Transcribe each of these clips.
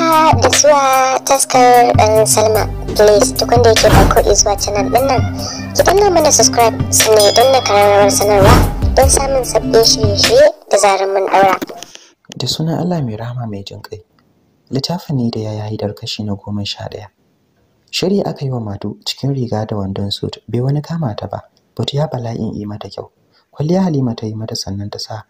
haka ah, da zuwa taskar ɗan um, salma please duk wanda yake farko izuwa canal ɗin nan ki danna mana subscribe sannan don na kararrawar sanarwa don samun sabbin shirye-shirye da zarar mun ɗaura da sunan allah mai rahama mai jin kai littafin ne da ya yayi kashi na goma sha ɗaya shiri aka yi wa mato cikin riga da wandon suit bai wani kama ta ba but ya bala'in yi mata kyau kwalliya halima ta yi mata sannan ta sa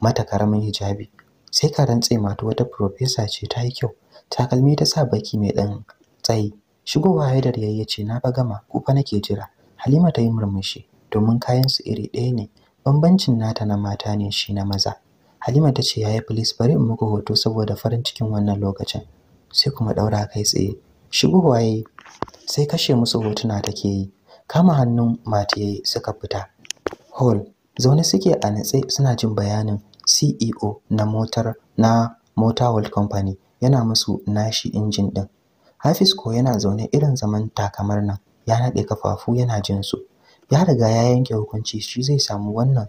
mata karamin hijabi sai ka rantse mata wata profesa ce ta yi kyau takalmi ta sa baki mai ɗan tsayi shigowa haidar ya ce na fa gama ku fa nake jira halima ta yi murmushi domin kayan su iri ɗaya ne bambancin nata na mata ne shi na maza halima ta ce yi please bari in muku hoto saboda farin cikin wannan lokacin sai kuma ɗaura kai tsaye shigowa ya sai kashe musu hotuna take yi kama hannun mataye suka fita hall zaune suke a natse suna jin bayanin CEO na motar na Motor World Company yana musu nashi injin din. Hafiz ko yana zaune irin zaman kamar nan ya naɗe kafafu yana jin su. Ya riga ya yanke hukunci shi zai samu wannan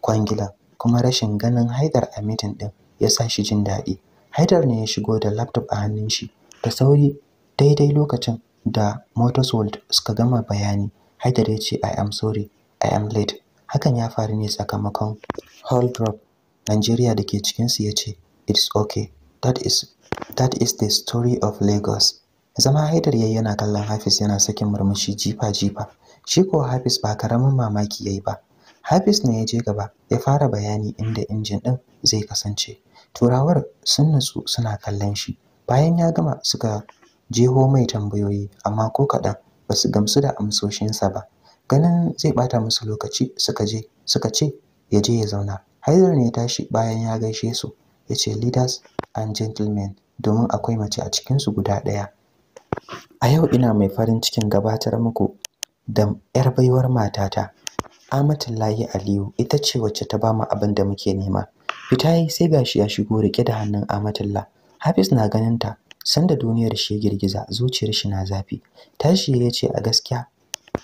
kwangila kuma rashin ganin Haidar a meeting din ya sa shi jin daɗi. Haidar ne ya shigo da laptop a hannun shi da sauri daidai lokacin da Motors World suka gama bayani. Haidar ya ce I am sorry, I am late. Hakan ya faru ne sakamakon hold drop Najeriya da ke cikinsu ya ce, It's okay, that is, that is the story of Lagos. Zama Haidar yayi yana kallon Hafiz yana sakin murmushi jifa-jifa. Shi ko Hafiz ba karamin mamaki yayi ba. Hafiz ne ya je gaba ya fara bayani inda injin ɗin zai kasance. Turawar sun nutsu suna kallon shi. Bayan ya gama suka jeho mai tambayoyi amma ko kaɗan ba su gamsu da amsoshinsa ba. Ganin zai bata musu lokaci suka je suka ce ya je ya zauna. Haidar ne ya tashi bayan ya gaishe su ya ce leaders and gentlemen domin akwai mace a cikinsu guda ɗaya. A yau ina mai farin cikin gabatar muku da 'yar baiwar matata Amatullahi Aliyu ita ce wacce ta bamu abin da muke nema. Fita yi sai gashi ya shigo rike da hannun Amatullah. Hafiz na ganin ta sanda duniyar shi girgiza zuciyar shi na zafi. Tashi ya ce a gaskiya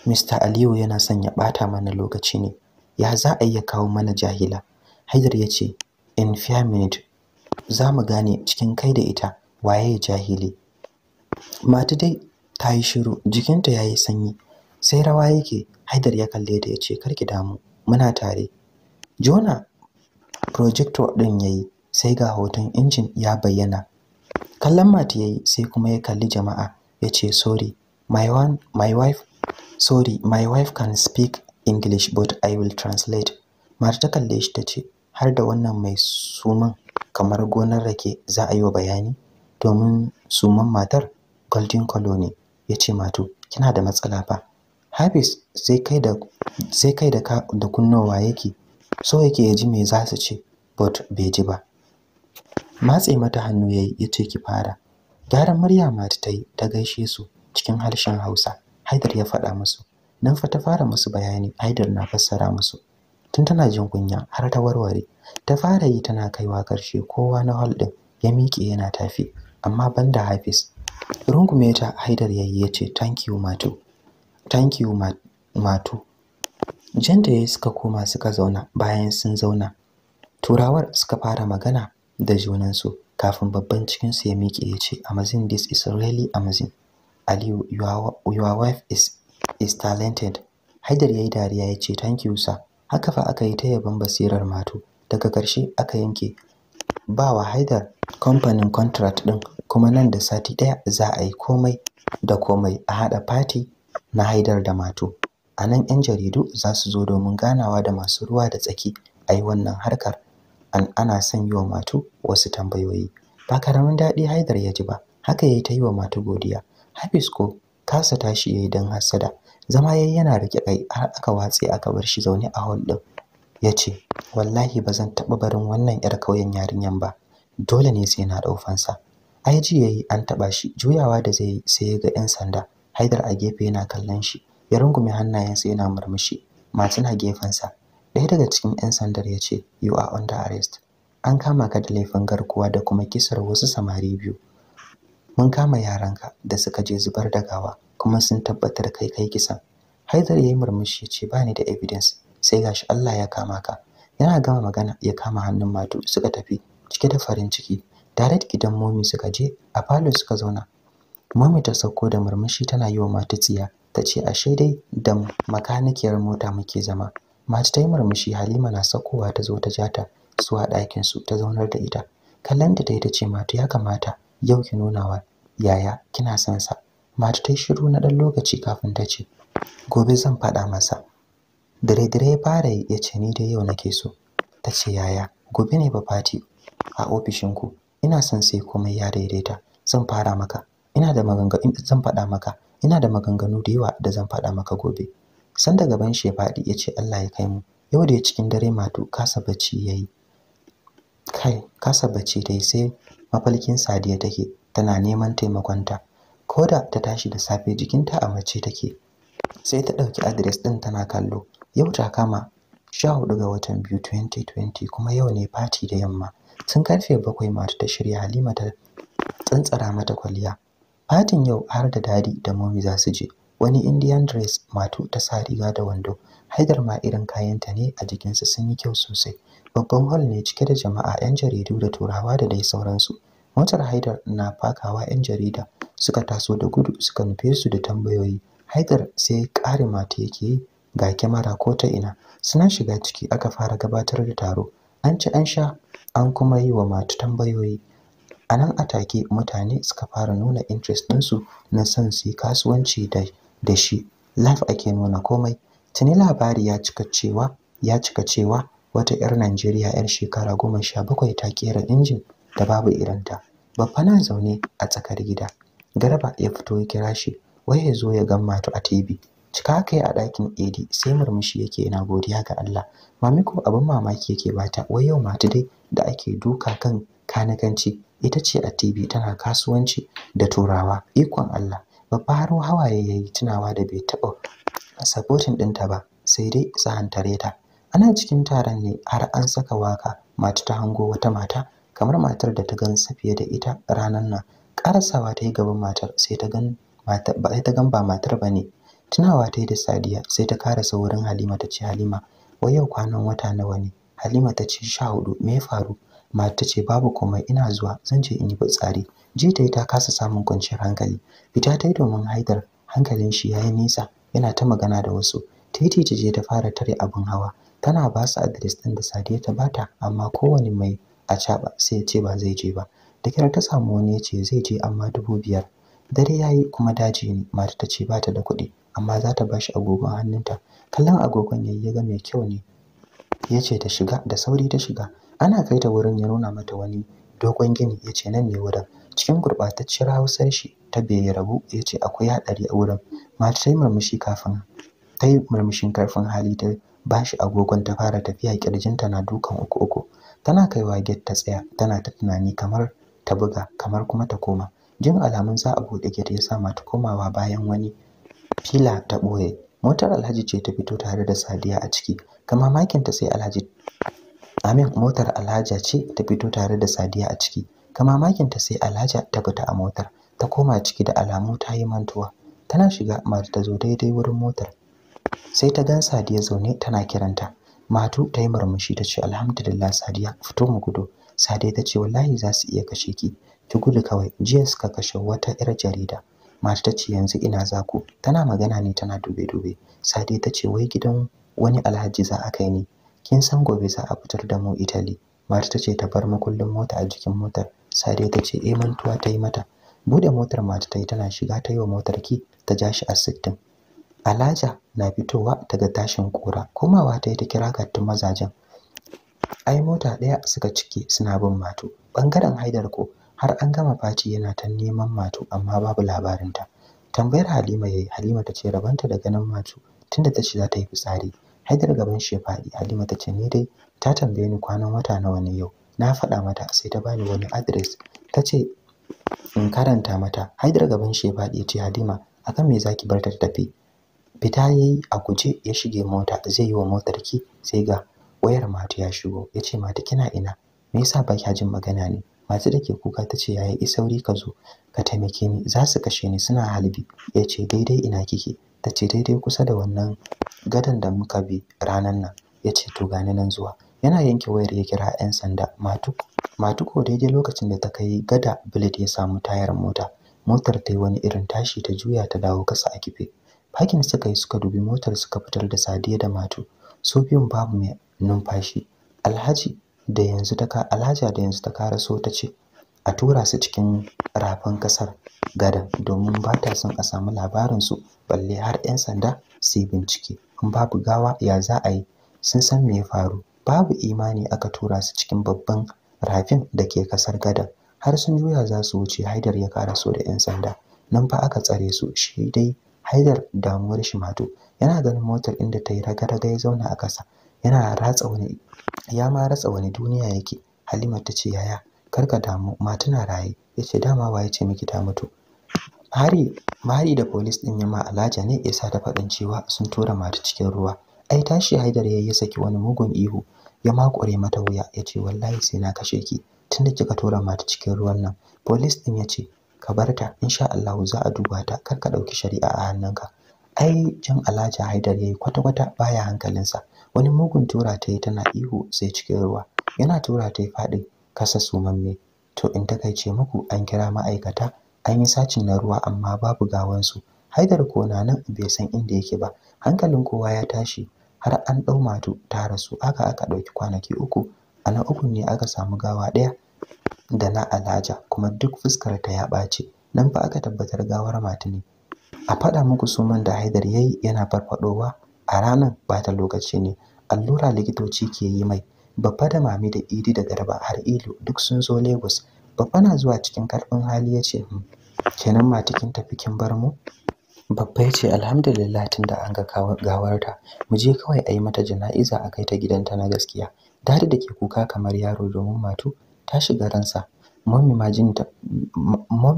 Mr. Aliyu yana son ya bata mana lokaci ne. Ya za a iya kawo mana jahila? Haidar ya ce, "In fair minute, za mu gane cikin kai da ita waye jahili." mata dai ta yi shiru, jikinta ya yi sanyi, sai rawa yake Haidar ya kalle ta ya ce, "Karki damu, muna tare." Jona projector ɗin ya yi, sai ga hoton injin ya bayyana. Kallon mata ya yi, sai kuma ya kalli jama'a ya ce, "Sorry, my, one, my wife Sorry, my wife can speak English but I will translate. Mata ta kalle shi ta ce, har da wannan mai suman kamar gonar rake za a yi wa bayani domin suman matar golden colony ya ce mato kina da matsala fa Hafiz sai kai da da kunnowa yake so yake ya ji me za su ce but bai ji ba matse mata hannu ya ce ki fara gyaran murya mata ta yi ta gaishe su cikin harshen Hausa Haidar ya faɗa musu nan fa ta fara musu bayani Haidar na fassara musu tun tana jin kunya har ta warware ta fara yi tana kaiwa karshe kowa na hall din ya miƙe yana tafi amma banda Hafiz rungume ta Haidar yayi yace thank you Matu thank you Matu janta yayi suka koma suka zauna bayan sun zauna turawar suka fara magana da junansu kafin babban cikinsu ya miƙe ya ce amazing this is really amazing aliyu your, your wife is, is talented haidar yayi dariya ya ce thank you sir haka fa aka yi ta yabon basirar matu, daga ƙarshe aka yanke ba wa haidar kamfanin contract ɗin kuma nan da sati ɗaya za a yi komai da komai a haɗa fati na haidar da matu. a nan 'yan jaridu za su zo domin ganawa da masu ruwa da tsaki a yi wannan harkar an ana son yi wa matu wasu tambayoyi ba karamin daɗi haidar ya ji ba haka ya yi ta yi wa matu godiya hafiz ko kasa tashi ya yi don hassada zama yayi yana rike kai har aka watse aka bar shi zaune a hall din yace wallahi bazan taba barin wannan yar kauyen yarinyan ba dole ne sai na dau fansa ai ji yayi an taba shi juyawa da zai sai ga yan sanda Haidar a gefe yana kallon shi ya rungume hannayensa yana murmushi Martin a gefensa ɗaya daga cikin yan sandar ya ce you are under arrest an kama ka da laifin garkuwa da kuma kisar wasu samari biyu mun kama yaranka da suka je zubar da gawa kuma sun tabbatar kai kai kisan haidar ya yi murmushi ya ce ba ni da evidence sai gashi allah ya kama ka yana gama magana ya kama hannun matu suka tafi cike da farin ciki da gidan momi suka je a falo suka zauna momi ta sauko da murmushi tana yi wa matu tsiya ta ce ashe dai da makanikiyar mota muke zama matu ta yi murmushi halima na saukowa ta zo ta ja ta zuwa ɗakin su ta zaunar da ita kallon da ta yi ta ce matu ya kamata yau ki nunawa, yaya kina son sa mata ta yi shiru na ɗan lokaci kafin ta ce gobe zan faɗa masa dire-dire ya fara ya ce ni da yau nake so ta ce yaya gobe ne ba fati a ofishinku ina son sai komai ya daidaita zan fara maka ina da maganganu zan faɗa maka ina da maganganu da yawa da zan faɗa maka gobe san da gaban shi ya faɗi ya ce Allah ya kai mu yau da ya cikin dare matu kasa bacci yayi kai kasa bacci ta yi, sai mafalkin sadiya take tana neman taimakonta Koda ta tashi da safe jikinta a mace take sai ta ɗauki adres ɗin tana kallo yau ta kama 14 ga watan biyu 2020 kuma yau ne fati da yamma tun karfe bakwai mata ta shirya halima ta tsantsara mata kwalliya fatin yau har da dadi da momi za su je wani indian dress matu ta sa riga da wando haidar ma irin kayanta ne a jikinsu sun yi kyau sosai babban hall ne cike da jama'a 'yan jaridu da turawa da dai sauransu motar haidar na fakawa 'yan jarida suka taso da gudu suka nufe su da tambayoyi haidar sai ƙare mata yake yi ga kyamara ko ta ina suna shiga ciki aka fara gabatar da taro an ci an sha an kuma yi wa mata tambayoyi a nan atake mutane suka fara nuna interest ɗinsu na son su yi kasuwanci da shi live ake nuna komai tuni labari ya cika cewa ya cika cewa wata 'yar Najeriya 'yar shekara goma sha bakwai ta kera injin da babu iranta. Babba na zaune a tsakar gida Garba ya fito ya kira shi wai ya zo ya gan Matu a TV. Cika kai a ɗakin Edi sai murmushi yake na godiya ga Allah. Mami ko abin mamaki yake bata wai yau Matu dai da ake duka kan kanikanci ita ce a TV tana kasuwanci da turawa ikon Allah. Babba har hawaye yi tunawa da bai taɓa sabotin ɗinta ba sai dai sahantare ta. Ana cikin taron ne har an saka waka Matu ta hango wata mata kamar matar da ta gan fiye da ita ranar nan karasawa ta yi gaban matar sai ta gan ba ta gan matar ba ne tunawa ta yi da sadiya sai ta karasa wurin halima ta ce halima wai yau kwanan wata nawa ne halima ta ce sha hudu me ya faru mata ta ce babu komai ina zuwa zan je in yi fitsari je ta yi ta kasa samun kwanciyar hankali fita ta yi domin haidar hankalin shi ya yi nisa yana ta magana da wasu titi ta je ta fara tare abin hawa tana ba su adres ɗin da sadiya ta bata amma kowane mai a sai ya ce ba zai je ba da kyar ta samu wani ya ce zai je amma dubu biyar dare ya yi kuma daji ne mata ta ce ba ta da kuɗi amma za ta ba shi agogon hannunta kallon agogon ya yi ya ga mai kyau ne ya ce ta shiga da sauri ta shiga ana kai ta wurin ya nuna mata wani dogon gini ya ce nan ne wurin cikin gurɓatacciyar hausar shi ta bai rabu ya ce akwai haɗari a wurin mata ta yi murmushi kafin ta yi murmushin karfin hali ta ba shi agogon ta fara tafiya kirjinta na dukan uku uku tana kaiwa get ta tsaya tana ta tunani kamar ta buga kamar kuma ta koma jin alamun za a buɗe gate ya sa mata komawa bayan wani fila ta boye motar alhaji ce ta fito tare da sadiya a ciki makin ta sai alhaji amin motar alhaja ce ta fito tare da sadiya a ciki makin ta sai alhaja ta fita a motar ta koma ciki da alamu ta yi mantuwa tana shiga mata ta zo daidai wurin motar sai ta gan sadiya zaune tana kiranta matu ta yi murmushi ta ce alhamdulillah sadiya fito mu gudu Sade ta ce wallahi za su iya kashe ki. Ki gudu kawai. Jiya suka kashe wata 'yar jarida. Mata ta ce yanzu ina za ku. Tana magana ne tana dube-dube. Sade ta ce wai gidan wani alhaji za a kai ni. Kin san gobe za a fitar da mu Italy. Mata ta ce ta bar makullin mota a jikin motar. Sade ta ce eh mantuwa ta yi mata. Bude motar mata ta yi tana shiga ta yi wa motar ki ta ja shi a sittin. Alaja na fitowa daga tashin kura. Komawa ta yi ta kira gattin mazajen. ai mota ɗaya suka cike suna bin matu, ɓangaren haidar ko har an gama faci yana ta neman mato amma babu labarinta tambayar halima yayi halima ta ce rabanta da ganin mato tunda ta ce za ta yi fitsari haidar gaban shi ya faɗi halima ta ce ni dai ta tambaye ni kwanan wata nawa ne yau na faɗa mata sai ta bani wani adres ta ce in karanta mata haidar gaban shi ya faɗi ya ce halima akan me zaki bar ta tafi fita yayi a guje ya shige mota zai yi wa motar ki sai ga wayar mata ya shigo ya ce mata kina ina me yasa ba kya jin magana ne matu da ke kuka ta ce yaya i sauri ka zo ka taimake ni za su kashe ni suna halbi ya ce daidai ina kike ta ce daidai kusa da wannan gadon da muka bi ranan nan ya ce to gani nan zuwa yana yanke wayar ya kira 'yan sanda matu matu ko daidai lokacin da ta kai gada bilit ya samu tayar mota motar ta yi wani irin tashi ta juya ta dawo kasa a kife Hakin suka yi suka dubi motar suka fitar da Sadiya da Matu su babu mai numfashi alhaji da yanzu ta ka alhaja da yanzu ta karaso ta ce a tura su cikin rafin kasar gadan domin ba ta son a samu labarin su balle har 'yan sanda su bincike in babu gawa ya za a yi sun san me ya faru babu imani aka tura su cikin babban rafin da ke kasar gadan har sun juya za su wuce haidar ya karaso da 'yan sanda nan fa aka tsare su shi dai haidar damuwar shi mato yana ganin motar inda ta yi raga ya zauna a ƙasa yana ratsa wani ya ma ratsa wani duniya yake halima ta ce yaya ka damu na raye ya ce dama waye ce miki ta mutu hari mari da polis din yamma alaja ne ya sa da faɗin cewa sun tura mata cikin ruwa ai tashi haidar ya yi saki wani mugun ihu ya ma makure mata wuya ya ce wallahi sai na kashe ki tunda kika tura mata cikin ruwan nan polis ɗin ya ce ka barta, ta insha Allah za a duba ta kar ka ɗauki shari'a a hannunka ai jan alhaji haidar yayi kwata-kwata baya hankalinsa wani mugun tura ta yi tana ihu sai cikin ruwa yana tura ta yi faɗi kasa sumamme to in takaice muku an kira ma'aikata an yi sacin na ruwa amma babu gawansu haidar ko na nan bai san inda yake ba hankalin kowa ya tashi har an ɗau matu ta rasu aka aka ɗauki kwanaki uku a na uku ne aka samu gawa ɗaya da na alhaja kuma duk fuskar ta ya ɓace nan fa aka tabbatar gawar matu ne a faɗa muku suman da haidar yayi yana farfadowa a ranar bata lokaci ne allura likitoci ke yi mai babba da mami da idi da garba har ilu duk sun zo lagos babba na zuwa cikin karfin hali ya ce hmm, kenan ma cikin tafi kin bar mu babba ya ce alhamdulillah tun da an ga gawarta mu je kawai a yi mata jana'iza a kai ta gidanta na gaskiya dadi da ke kuka kamar yaro domin matu ta shiga ransa mommy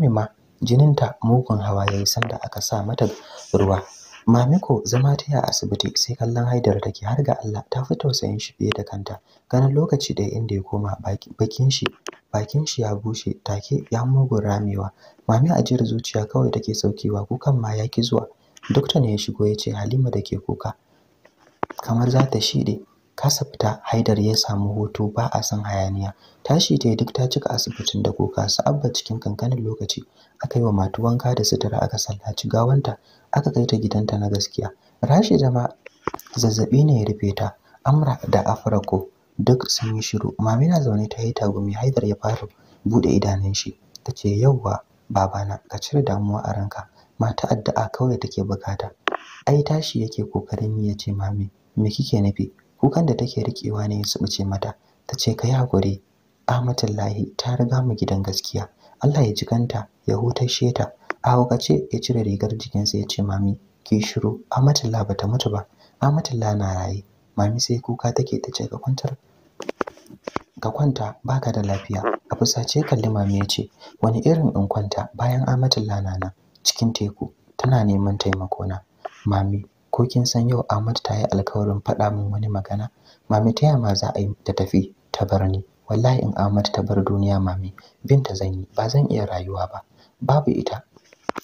ma jininta mugun hawa yayi sanda aka sa mata ruwa Mami ko zama ta a asibiti sai kallon haidar take har ga Allah ta fi tausayin shi fiye da kanta ganin lokaci ɗaya inda ya koma bakin shi bakin shi ya bushe take ya mugun ramewa mami a ajiyar zuciya kawai take saukewa kukan ma ya ki zuwa dokta ne ya shigo ya ce halima da ke kuka kamar za ta shiɗe kasa fita haidar ya samu hoto ba a san hayaniya tashi ta duk ta cika asibitin da kuka su abba cikin kankanin lokaci aka yi wa matu wanka da sutura aka sallaci gawanta aka kai ta gidanta na gaskiya rashi jama zazzabi ne ya rufe ta amra da afrako duk sun yi shiru mamina zaune ta yi tagumi haidar ya fara bude idanun shi ta ce yauwa babana ka cire damuwa a ranka mata addu'a kawai take bukata ai tashi yake kokarin ya ce mami me kike nufi kukan da take rikewa ne ya subuce mata tace ce kai hakuri ahmatullahi ta riga mu gidan gaskiya Allah ya jikanta ya hutashe ta a hukace ya cire rigar jikinsa ya ce mami ki shiru ahmatullah bata mutu ba ahmatullah na raye mami sai kuka take ta ce ka kwantar ka kwanta baka da lafiya a fusace kalli mami ya ce wani irin in kwanta bayan ahmatullah na nan cikin teku tana neman taimako na mami ko kin san yau Ahmad ta yi alƙawarin faɗa min wani magana mami ta yama za a yi ta tafi ta bar ni wallahi in Ahmad ta bar duniya mami binta zan yi ba zan iya rayuwa ba babu ita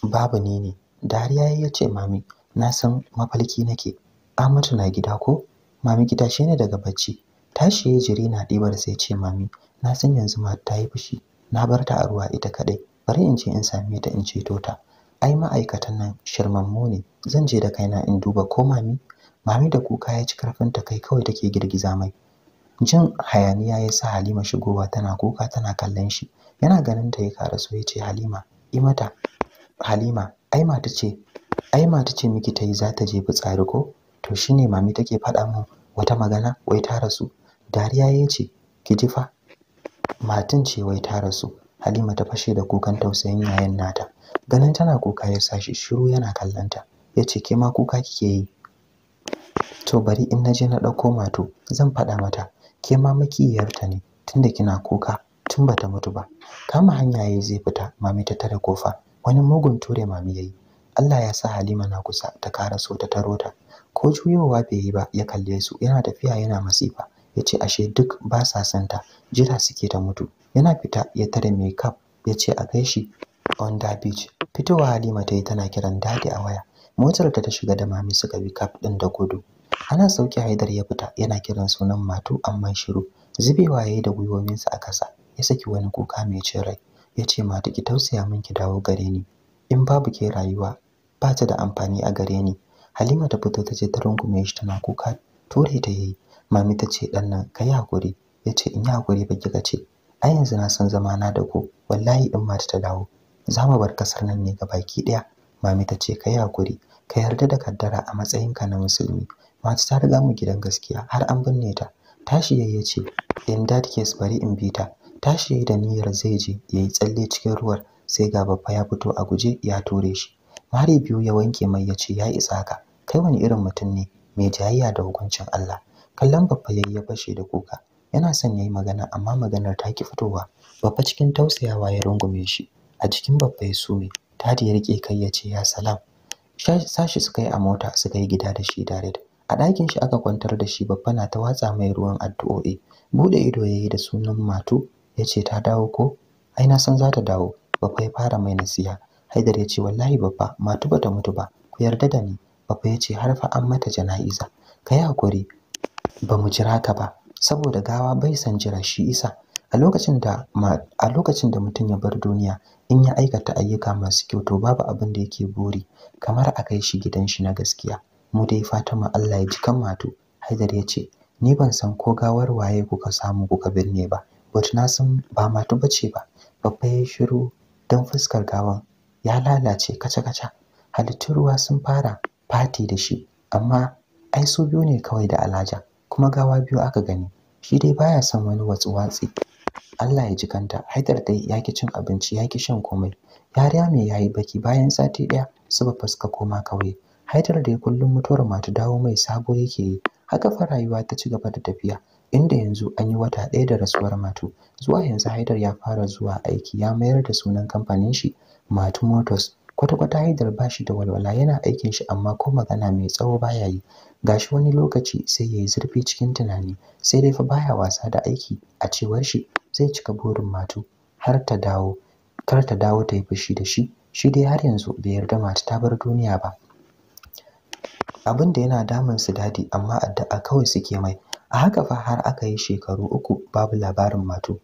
babu ni ne dariya ya ce mami na san mafalki nake Ahmad na gida ko mami gida shi ne daga bacci tashi ya jiri na ɗibar sai ce mami na san yanzu ma ta yi fushi na bar ta a ruwa ita kaɗai bari in ce in same ta in ceto ta ai ma'aikatan nan shirmammu ne zan je da kaina in duba ko mami mami da kuka ya ci karfin ta kai kawai take girgiza mai jin hayaniya ya sa halima shigowa tana kuka tana kallon shi yana ganin ta ya so ya ce halima imata halima ai mata ce ai mata ce miki ta yi za ta je fitsari ko to shine mami take faɗa min wata magana wai ta rasu dariya ya ce ki ji fa matin ce wai ta rasu halima ta fashe da kukan tausayin yayan nata Ganin tana kuka ya sashi, shiru yana kallonta. Ya ce ke ma kuka kike yi. To bari in naje na ɗauko mato zan faɗa mata ke ma makiyarta ne tunda kina kuka tun bata mutu ba. Kama hanya yayi zai fita mami ta tare kofa wani mugun ture mami yayi. Allah ya sa Halima na kusa ta kara so ta taro ta. Ko juyowa bai yi ba ya kalle su yana tafiya yana masifa. Ya ce ashe duk ba sa santa jira suke ta mutu. Yana fita ya tare mai kaf ya ce a kai shi Under beach, Fitowa Halima ta yi tana kiran dadi a waya. Motar da ta shiga da mami suka bi kaf ɗin da gudu. Ana sauke Haidar ya fita yana kiran sunan Matu amma shiru. Zubewa ya yi da gwiwominsa a ƙasa. Ya saki wani kuka mai cin rai. Ya ce Matu ki tausaya min ki dawo gare ni. In babu ke rayuwa ba ta da amfani a gare ni. Halima ta fito ta ce ta rungume shi tana kuka ture ta yayi. Mami ta ce ɗan nan ka yi hakuri. Ya ce in yi hakuri ba kika ce. A yanzu na san zamana da ku. Wallahi in mata ta dawo za mu bar kasar nan ne ga baki daya mami ta ce kai hakuri ka yarda da kaddara a ka na musulmi mata ta riga mu gidan gaskiya har an binne ta tashi yayi ce in that case bari in bi ta tashi da niyyar zai je yayi tsalle cikin ruwar sai ga babba ya fito a guje ya tore shi mari biyu ya wanke mai yace ya isa ka kai wani irin mutum ne mai jayayya da hukuncin Allah kallon babba yayi ya fashe da kuka yana son yayi magana amma maganar ta ki fitowa babba cikin tausayawa ya rungume shi a cikin babba ya sume tadi ya rike kai ya ce ya salam sashi suka yi a mota suka yi gida da shi direct a ɗakin shi aka kwantar da shi babba na ta watsa mai ruwan addu'o'i bude ido ya yi da sunan matu ya ce ta dawo ko ai na san za ta dawo babba ya fara mai nasiya haidar ya ce wallahi babba matu bata mutu ba ku yarda da ni babba ya ce har fa an mata jana'iza ka yi hakuri ba mu jira ka ba saboda gawa bai san jira shi isa a lokacin da mutum ya bar duniya in ya aikata ayyuka masu kyau to babu abin da yake buri kamar a kai shi gidan shi na gaskiya mu dai fatima Allah ya ji kan mato Haidar ya ce ni ban san ko gawar waye kuka samu kuka birne ba but na san ba mato bace ba babba ya shiru don fuskar gawan ya lalace kaca-kaca halittun ruwa sun fara fati da shi amma ai su biyu ne kawai da alaja kuma gawa biyu aka gani shi dai baya son wani watsi-watsi Allah ya jikanta Haidar dai ya ki cin abinci ya ki shan komai yariya mai yayi baki bayan sati ɗaya? su fuska, koma kauye Haidar dai kullum mutuwar mata dawo mai sabo yake yi haka fa rayuwa ta ci gaba da tafiya inda yanzu an yi wata ɗaya da rasuwar matu zuwa yanzu Haidar ya fara zuwa aiki ya mayar da sunan kamfanin shi Matu Motors kwata-kwata Haidar ba shi da walwala yana aikin shi amma ko magana mai tsawo baya yi gashi wani lokaci sai yayi zurfi cikin tunani sai dai fa baya wasa da aiki a cewar shi zai cika burin matu har ta dawo kar ta dawo ta yi fushi da shi shi dai har yanzu bai yarda mata ta bar duniya ba abin da yana damun su dadi amma addu'a kawai suke mai a haka fa har aka yi shekaru uku babu labarin matu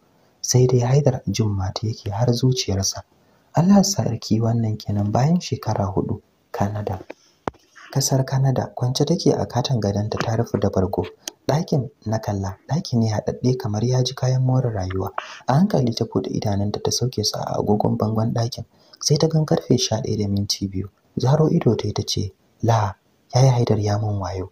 sai dai haidar jin matu yake har zuciyarsa Allah sarki wannan kenan bayan shekara hudu Kanada. kasar Kanada, kwance take a katon gadonta ta rufe da bargo ɗakin na kalla ɗaki ne haɗaɗɗe kamar ya ji kayan more rayuwa a hankali ta buɗe idanunta ta sauke su a agogon bangon ɗakin sai ta gan karfe sha ɗaya da minti biyu zaro ido ta yi ta ce la yayi haidar ya mun wayo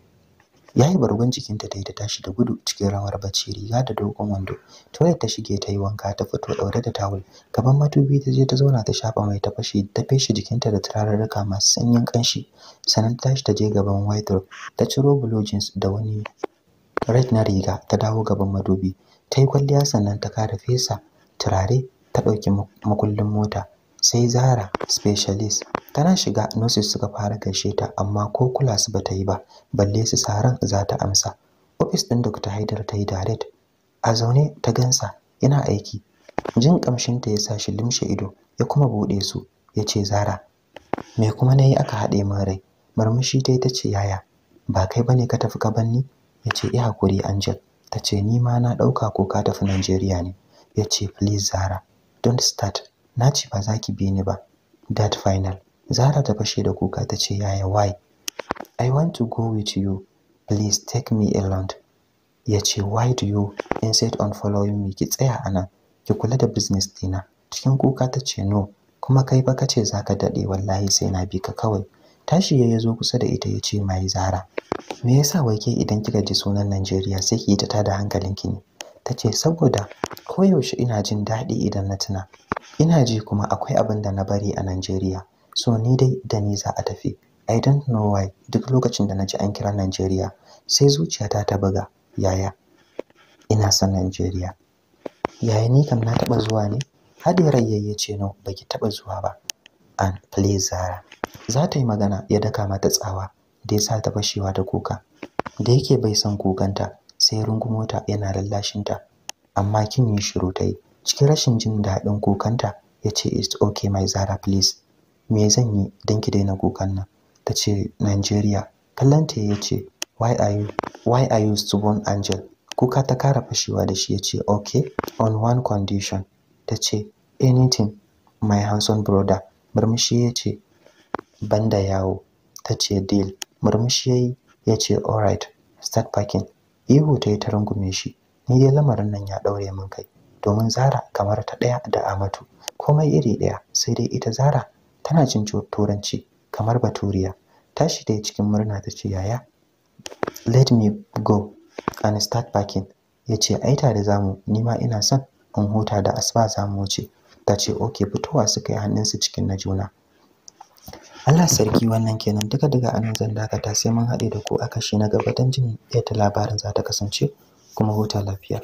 Ya yi bargon jikinta ta yi ta tashi da gudu cikin rawar bacci riga da dogon wando Tura ta shige ta yi wanka ta fito ɗaure da tawul gaban matubi ta je ta zauna ta shafa mai ta fashe ta feshe jikinta da turarurruka masu sanyin ƙanshi sannan ta tashi ta je gaban wardrobe ta ciro blue jeans da wani red na riga ta dawo gaban madubi ta yi kwalliya sannan ta kara fesa turare ta ɗauki makullin mota sai zara specialist tana shiga nurses suka fara gaishe ta amma ko kula su bata yi ba balle su saran za ta amsa ofis ɗin Dr. Haidar ta yi direct a zaune ta gansa yana aiki jin kamshin ta ya sa shi limshe ido ya kuma bude su ya ce zara me kuma nayi aka haɗe min rai murmushi ta ta ce yaya ba kai bane ka tafi ka banni ya ce yi hakuri angel ta ce ni ma na ɗauka kuka ka tafi najeriya ne ya ce please zara don't start na ce ba za ki bi ni ba that final zara ta fashe da kuka ta ce yaya why i want to go with you please take me around ya ce why do you insist on following me ki tsaya anan ki kula da business dina cikin kuka ta ce no kuma kai ba ka ce za ka daɗe wallahi sai na bi ka kawai tashi ya zo kusa da ita ya ce mai zara me yasa wai ke idan kika ji sunan Najeriya sai ki ta tada hankalinki ne ta ce saboda koyaushe ina jin daɗi idan na tuna ina ji kuma akwai abin da na bari a Najeriya so ni dai da ni za a tafi I don't know why duk lokacin da na ji an kira Najeriya sai zuciyata ta buga yaya ina son Najeriya yaya ni kam na taɓa zuwa ne Hadi yayye ce no baki taɓa zuwa ba and please Zara za ta yi magana ya daka mata tsawa da ya sa ta fashewa da kuka da yake bai son kukanta sai rungumo ta yana lallashinta amma kin yi shiru ta yi cikin rashin jin daɗin kukanta ya ce it's okay my zara please me zan yi don ki daina kukan nan ta ce nigeria kallanta ya ce why are you why are you stubborn angel kuka ta kara fashewa da shi ya ce okay on one condition ta ce anything my handsome brother murmushi ya ce banda yawo ta ce deal murmushi ya yi ya ce alright start packing ihu ta yi ta rungume shi ni dai lamarin nan ya ɗaure min kai domin zara kamar ta ɗaya da amatu komai iri ɗaya sai dai ita zara tana jin turanci kamar baturiya tashi dai cikin murna ta ce yaya let me go and start packing ya ce ai tare zamu ni ma ina son in huta da asuba zamu wuce ta ce ok, fitowa suka yi hannunsu cikin na juna Allah sarki wannan kenan duka duka anan zan dakata sai mun haɗe da ku a kashi na gaba don jin yadda labarin za ta kasance kuma huta lafiya